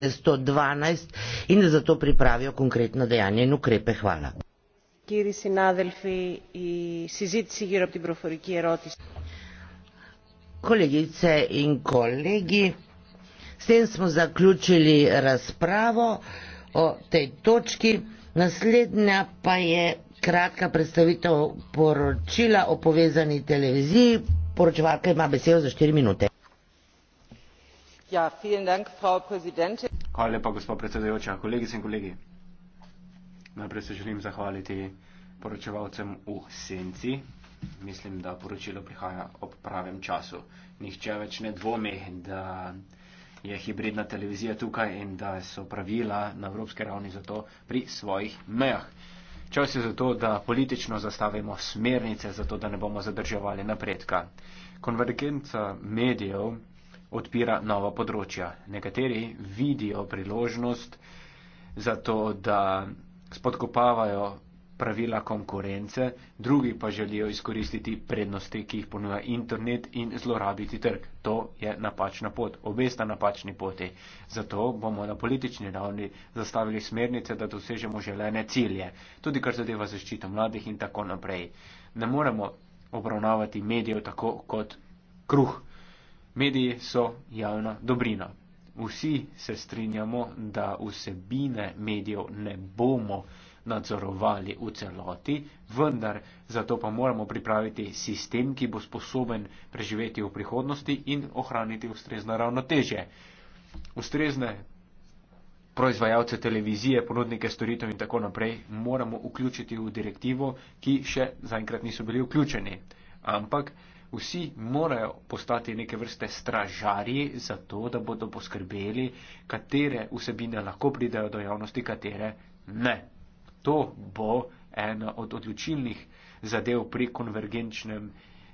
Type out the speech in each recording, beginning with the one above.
112 in da zato pripravijo konkretno dejanje in ukrepe. Hvala. Kolegice in kolegi, s tem smo zaključili razpravo o tej točki. Naslednja pa je kratka predstavitev poročila o povezani televiziji. Poročevalka ima besedo za štiri minute. Ja, gospa predsedujoča kolegice in kolegi najprej se želim zahvaliti poročevalcem v senci mislim da poročilo prihaja ob pravem času nihče več ne dvomi da je hibridna televizija tukaj in da so pravila na evropski ravni zato pri svojih mejah Čas je zato, da politično zastavimo smernice, zato da ne bomo zadrževali napredka. Konvergenca medijev odpira nova področja. Nekateri vidijo priložnost za to, da spodkopavajo pravila konkurence, drugi pa želijo izkoristiti prednosti, ki jih ponuja internet in zlorabiti trg. To je napačna pot, obe sta napačni poti. Zato bomo na politični ravni zastavili smernice, da dosežemo želene cilje, tudi kar zadeva zaščito mladih in tako naprej. Ne moremo obravnavati medijev tako kot kruh. Mediji so javna dobrina. Vsi se strinjamo, da vsebine medijev ne bomo nadzorovali v celoti, vendar zato pa moramo pripraviti sistem, ki bo sposoben preživeti v prihodnosti in ohraniti ustrezno ravnotežje. Ustrezne proizvajalce televizije, ponudnike storitev in tako naprej moramo vključiti v direktivo, ki še zaenkrat niso bili vključeni. Ampak vsi morajo postati neke vrste stražarji za to, da bodo poskrbeli, katere vsebine lahko pridajo do javnosti, katere ne. To bo ena od odločilnih zadev pri konvergenčnem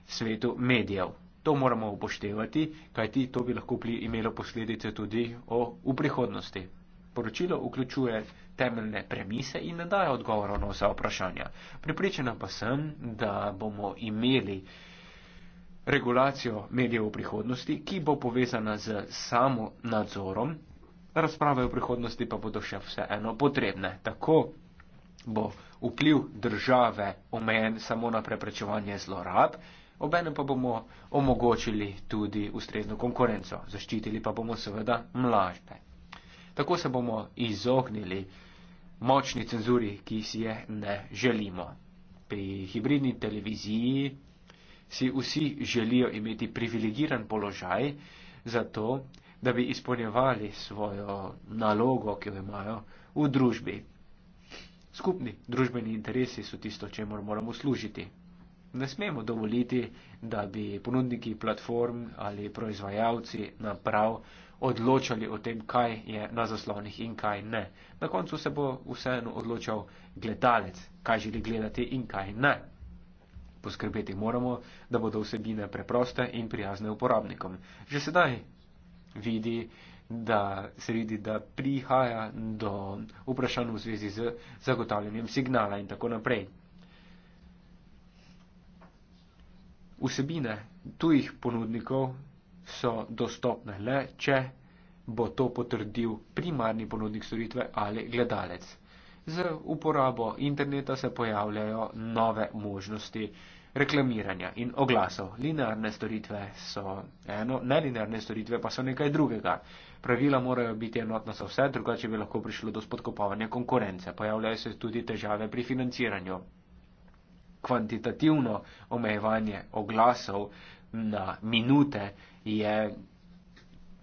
svetu medijev. To moramo upoštevati, kajti to bi lahko imelo posledice tudi o, v prihodnosti. Poročilo vključuje temeljne premise in ne daje odgovorov na vsa vprašanja. Pripričana pa sem, da bomo imeli regulacijo medijev v prihodnosti, ki bo povezana z samo nadzorom, razprave v prihodnosti pa bodo še vseeno potrebne. Tako bo vpliv države omejen samo na preprečevanje zlorab, obenem pa bomo omogočili tudi ustrezno konkurenco, zaščitili pa bomo seveda mlažbe. Tako se bomo izognili močni cenzuri, ki si je ne želimo. Pri hibridni televiziji si vsi želijo imeti privilegiran položaj, zato da bi izpolnjevali svojo nalogo, ki jo imajo v družbi. Skupni družbeni interesi so tisto, čemu moramo služiti. Ne smemo dovoliti, da bi ponudniki platform ali proizvajalci naprav odločali o tem, kaj je na zaslonih in kaj ne. Na koncu se bo vseeno odločal gledalec, kaj želi gledati in kaj ne. Poskrbeti moramo, da bodo vsebine preproste in prijazne uporabnikom. Že sedaj vidi, da se vidi, da prihaja do vprašanj v zvezi z zagotavljanjem signala in tako naprej. Vsebine tujih ponudnikov so dostopne le, če bo to potrdil primarni ponudnik storitve ali gledalec z uporabo interneta se pojavljajo nove možnosti reklamiranja in oglasov. Linearne storitve so eno, nelinearne storitve pa so nekaj drugega. Pravila morajo biti enotna za vse, drugače bi lahko prišlo do spodkopavanja konkurence. Pojavljajo se tudi težave pri financiranju. Kvantitativno omejevanje oglasov na minute je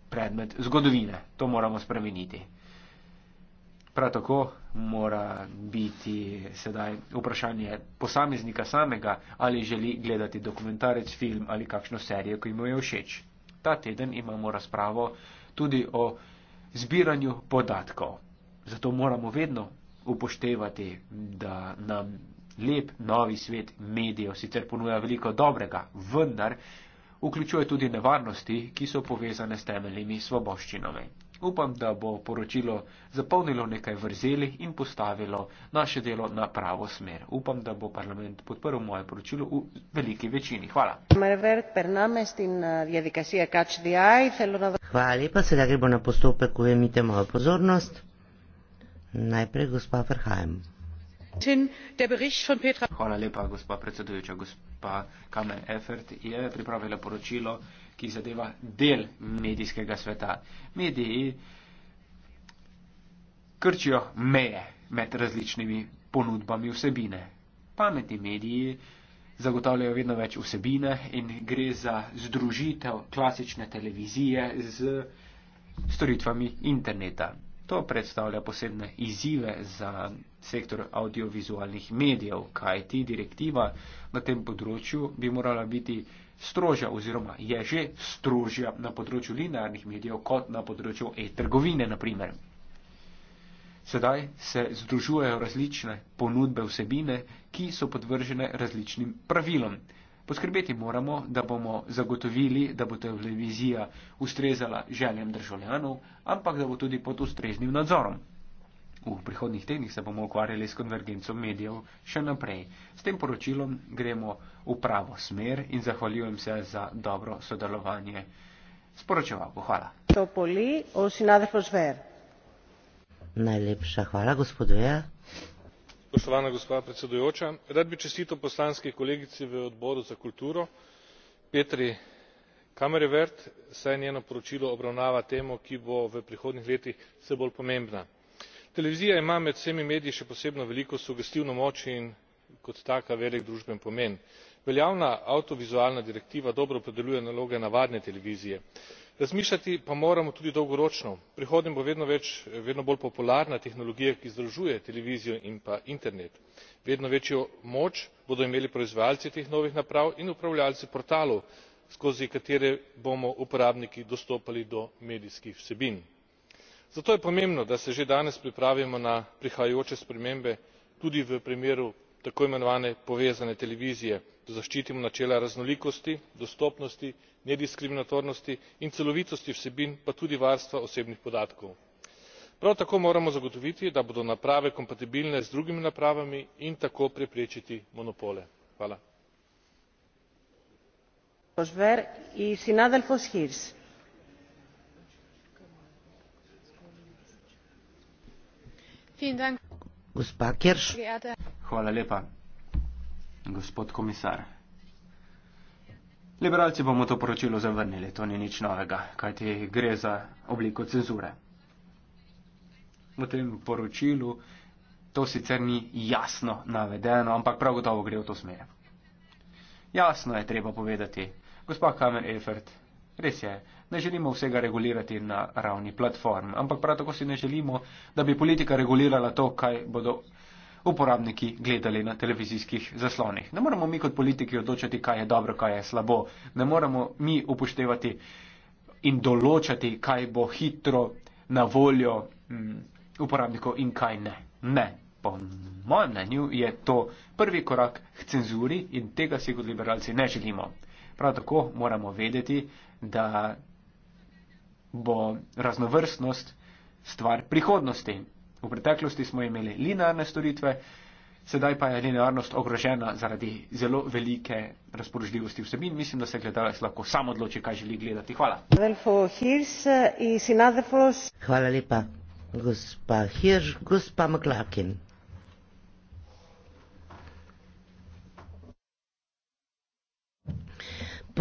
predmet zgodovine. To moramo spremeniti. Prav tako mora biti sedaj vprašanje posameznika samega, ali želi gledati dokumentarec, film ali kakšno serijo, ki mu je všeč. Ta teden imamo razpravo tudi o zbiranju podatkov. Zato moramo vedno upoštevati, da nam lep novi svet medijev sicer ponuja veliko dobrega, vendar vključuje tudi nevarnosti, ki so povezane s temeljnimi svoboščinami. Upam, da bo poročilo zapolnilo nekaj vrzeli in postavilo naše delo na pravo smer. Upam, da bo parlament podprl moje poročilo v veliki večini. Hvala. Hvala lepa, sedaj gremo na postopek, ko imite mojo pozornost. Najprej gospa Ferhajem. Hvala lepa, gospa predsedujoča. Gospa Kamen Efert je pripravila poročilo ki zadeva del medijskega sveta. Mediji krčijo meje med različnimi ponudbami vsebine. Pametni mediji zagotavljajo vedno več vsebine in gre za združitev klasične televizije z storitvami interneta to predstavlja posebne izzive za sektor audiovizualnih medijev, kajti direktiva na tem področju bi morala biti strožja oziroma je že strožja na področju linearnih medijev kot na področju e-trgovine, naprimer. Sedaj se združujejo različne ponudbe vsebine, ki so podvržene različnim pravilom. Poskrbeti moramo, da bomo zagotovili, da bo televizija ustrezala željem državljanov, ampak da bo tudi pod ustreznim nadzorom. V prihodnih tednih se bomo ukvarjali s konvergencom medijev še naprej. S tem poročilom gremo v pravo smer in zahvaljujem se za dobro sodelovanje. Sporočeval, hvala. Najlepša hvala, gospod Veja spoštovana gospa predsedujoča rad bi čestital poslanski kolegici v odboru za kulturo petri kammerevert saj njeno poročilo obravnava temo ki bo v prihodnjih letih vse bolj pomembna. televizija ima med vsemi mediji še posebno veliko sugestivno moč in kot taka velik družben pomen. veljavna avdiovizualna direktiva dobro opredeljuje naloge navadne televizije razmišljati pa moramo tudi dolgoročno v prihodnje bo vedno več vedno bolj popularna tehnologija ki združuje televizijo in pa internet vedno večjo moč bodo imeli proizvajalci teh novih naprav in upravljavci portalov skozi katere bomo uporabniki dostopali do medijskih vsebin zato je pomembno da se že danes pripravimo na prihajajoče spremembe tudi v primeru tako imenovane povezane televizije da zaščitimo načela raznolikosti dostopnosti nediskriminatornosti in celovitosti vsebin pa tudi varstva osebnih podatkov. prav tako moramo zagotoviti da bodo naprave kompatibilne z drugimi napravami in tako preprečiti monopole. hvala. Gospa Kirš. Hvala lepa, gospod komisar. Liberalci bomo to poročilo zavrnili, to ni nič novega, kajti gre za obliko cenzure. V tem poročilu to sicer ni jasno navedeno, ampak prav gotovo gre v to smer. Jasno je treba povedati, gospa Kamer Efert, Res je, ne želimo vsega regulirati na ravni platform, ampak prav tako si ne želimo, da bi politika regulirala to, kaj bodo uporabniki gledali na televizijskih zaslonih. Ne moramo mi kot politiki odločati, kaj je dobro, kaj je slabo. Ne moramo mi upoštevati in določati, kaj bo hitro na voljo m, mm, uporabnikov in kaj ne. Ne. Po mojem mnenju je to prvi korak k cenzuri in tega si kot liberalci ne želimo. Prav tako moramo vedeti, da bo raznovrstnost stvar prihodnosti. V preteklosti smo imeli linearne storitve, sedaj pa je linearnost ogrožena zaradi zelo velike razpoložljivosti vsebin. Mislim, da se gledalec lahko sam odloči, kaj želi gledati. Hvala. Eh, Hvala lepa. Gospa Hirš, gospa Maklakin.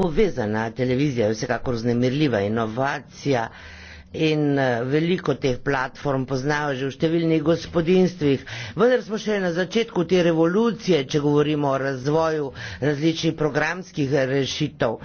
povezana televizija, vsekakor znemirljiva inovacija in eh, veliko teh platform poznajo že v številnih gospodinstvih. Vendar smo še na začetku te revolucije, če govorimo o razvoju različnih programskih rešitev.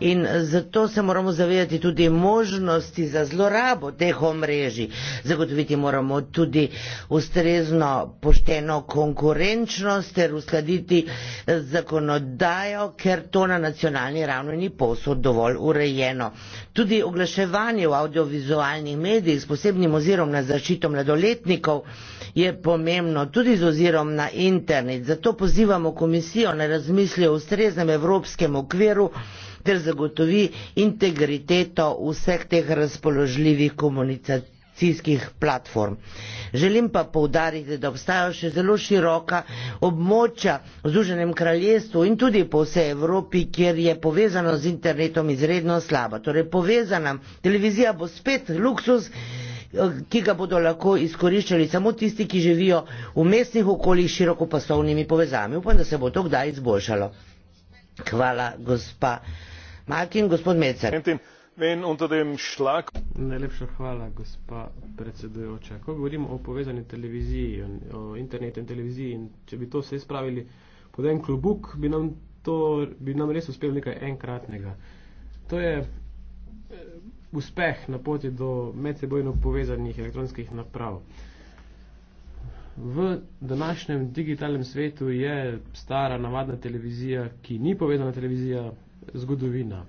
In zato se moramo zavedati tudi možnosti za zlorabo teh omrežij. Zagotoviti moramo tudi ustrezno pošteno konkurenčnost ter uskladiti zakonodajo, ker to na nacionalni ravni ni posod dovolj urejeno. Tudi oglaševanje v audiovizualnih medijih s posebnim ozirom na zaščito mladoletnikov je pomembno, tudi z ozirom na internet. Zato pozivamo komisijo na razmisli o ustreznem evropskem okviru ter zagotovi integriteto vseh teh razpoložljivih komunikacij. Platform. Želim pa povdariti, da obstajajo še zelo široka območja v Združenem kraljestvu in tudi po vsej Evropi, kjer je povezano z internetom izredno slaba. Torej povezana televizija bo spet luksus, ki ga bodo lahko izkoriščali samo tisti, ki živijo v mestnih okoljih s širokopasovnimi povezami. Upam, da se bo to kdaj izboljšalo. Hvala, gospa. Najlepša hvala, gospa predsedujoča. Ko govorimo o povezani televiziji, o internetu in televiziji, in če bi to vse spravili pod en klobuk, bi nam, to, bi nam res uspelo nekaj enkratnega. To je eh, uspeh na poti do medsebojno povezanih elektronskih naprav. V današnjem digitalnem svetu je stara navadna televizija, ki ni povezana televizija, zgodovina.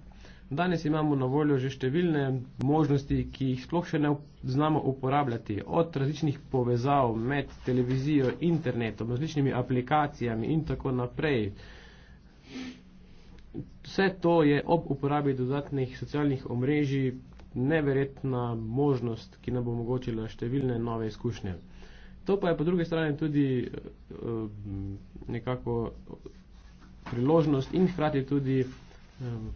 Danes imamo na voljo že številne možnosti, ki jih sploh še ne znamo uporabljati, od različnih povezav med televizijo, internetom, različnimi aplikacijami in tako naprej. Vse to je ob uporabi dodatnih socialnih omrežij neverjetna možnost, ki nam bo omogočila številne nove izkušnje. To pa je po druge strani tudi eh, nekako priložnost in hkrati tudi Um,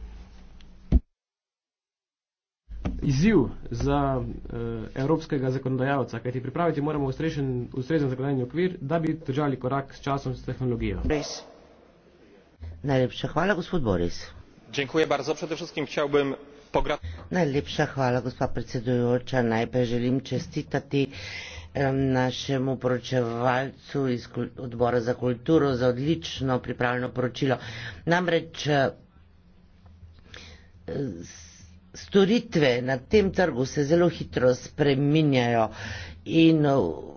izziv za uh, evropskega zakonodajalca, kajti pripraviti moramo ustrezen, ustrezen zakonodajni okvir, da bi držali korak s časom, s tehnologijo. Res. Najlepša hvala, gospod Boris. Bardzo. Chciałbym... Najlepša hvala, gospod predsedujoča. Najprej želim čestitati um, našemu poročevalcu iz kul odbora za kulturo za odlično pripravljeno poročilo. Namreč storitve na tem trgu se zelo hitro spreminjajo in uh,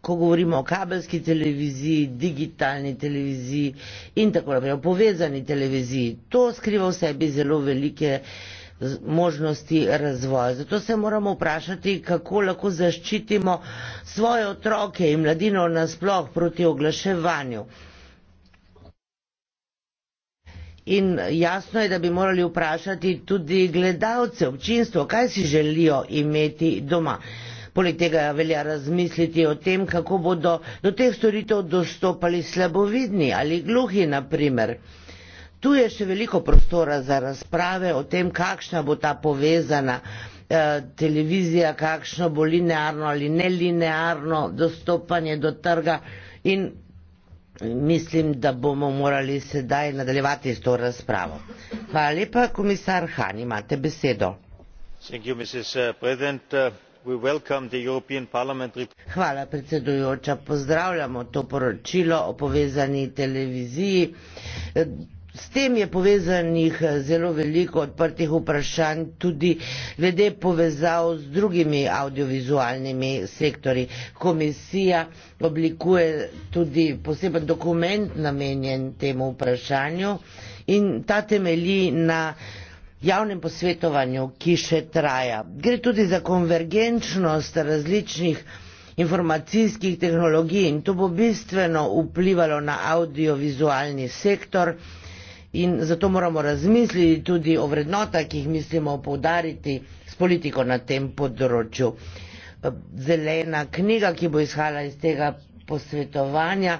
ko govorimo o kabelski televiziji, digitalni televiziji in tako naprej, o povezani televiziji, to skriva v sebi zelo velike možnosti razvoja. Zato se moramo vprašati, kako lahko zaščitimo svoje otroke in mladino nasploh proti oglaševanju in jasno je, da bi morali vprašati tudi gledalce, občinstvo, kaj si želijo imeti doma. Poleg tega velja razmisliti o tem, kako bodo do teh storitev dostopali slabovidni ali gluhi, naprimer. Tu je še veliko prostora za razprave o tem, kakšna bo ta povezana eh, televizija, kakšno bo linearno ali nelinearno dostopanje do trga in Mislim, da bomo morali sedaj nadaljevati s to razpravo. Hvala lepa, komisar Han, imate besedo. Uh, uh, Hvala, predsedujoča. Pozdravljamo to poročilo o povezani televiziji. S tem je povezanih eh, zelo veliko odprtih vprašanj tudi glede povezav z drugimi audiovizualnimi sektori. Komisija oblikuje tudi poseben dokument namenjen temu vprašanju in ta temelji na javnem posvetovanju, ki še traja. Gre tudi za konvergenčnost različnih informacijskih tehnologij in to bo bistveno vplivalo na audiovizualni sektor in zato moramo razmisliti tudi o vrednotah, ki jih mislimo poudariti s politiko na tem področju. Zelena knjiga, ki bo izhala iz tega posvetovanja,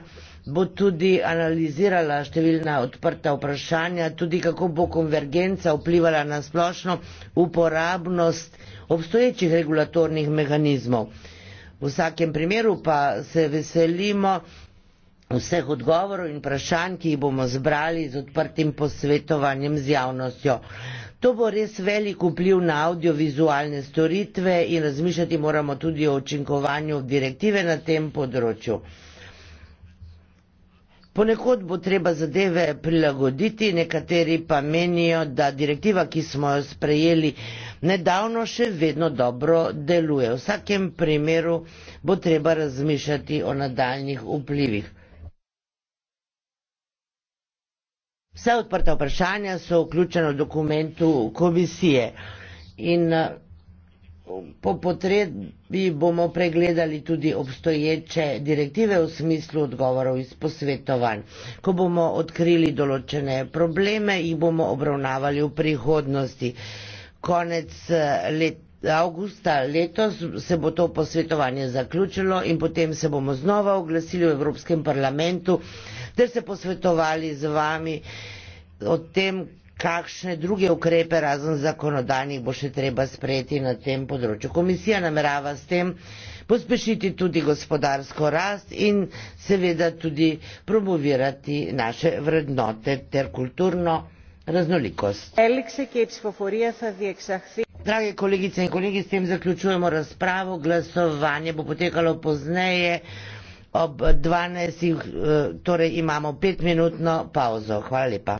bo tudi analizirala številna odprta vprašanja, tudi kako bo konvergenca vplivala na splošno uporabnost obstoječih regulatornih mehanizmov. V vsakem primeru pa se veselimo, vseh odgovorov in vprašanj, ki jih bomo zbrali z odprtim posvetovanjem z javnostjo. To bo res velik vpliv na audiovizualne storitve in razmišljati moramo tudi o učinkovanju direktive na tem področju. Ponekod bo treba zadeve prilagoditi, nekateri pa menijo, da direktiva, ki smo jo sprejeli nedavno, še vedno dobro deluje. V vsakem primeru bo treba razmišljati o nadaljnih vplivih. Vse odprta vprašanja so vključena v dokumentu komisije in eh, po potrebi bomo pregledali tudi obstoječe direktive v smislu odgovorov iz posvetovanj. Ko bomo odkrili določene probleme, jih bomo obravnavali v prihodnosti. Konec eh, let. Augusta letos se bo to posvetovanje zaključilo in potem se bomo znova oglasili v Evropskem parlamentu da se posvetovali z vami o tem, kakšne druge ukrepe razen zakonodajnih bo še treba sprejeti na tem področju. Komisija namerava s tem pospešiti tudi gospodarsko rast in seveda tudi promovirati naše vrednote ter kulturno raznolikost. Drage kolegice in kolegi, s tem zaključujemo razpravo. Glasovanje bo potekalo pozneje ob dvanajstih eh, torej imamo petminutno pavzo hvala lepa.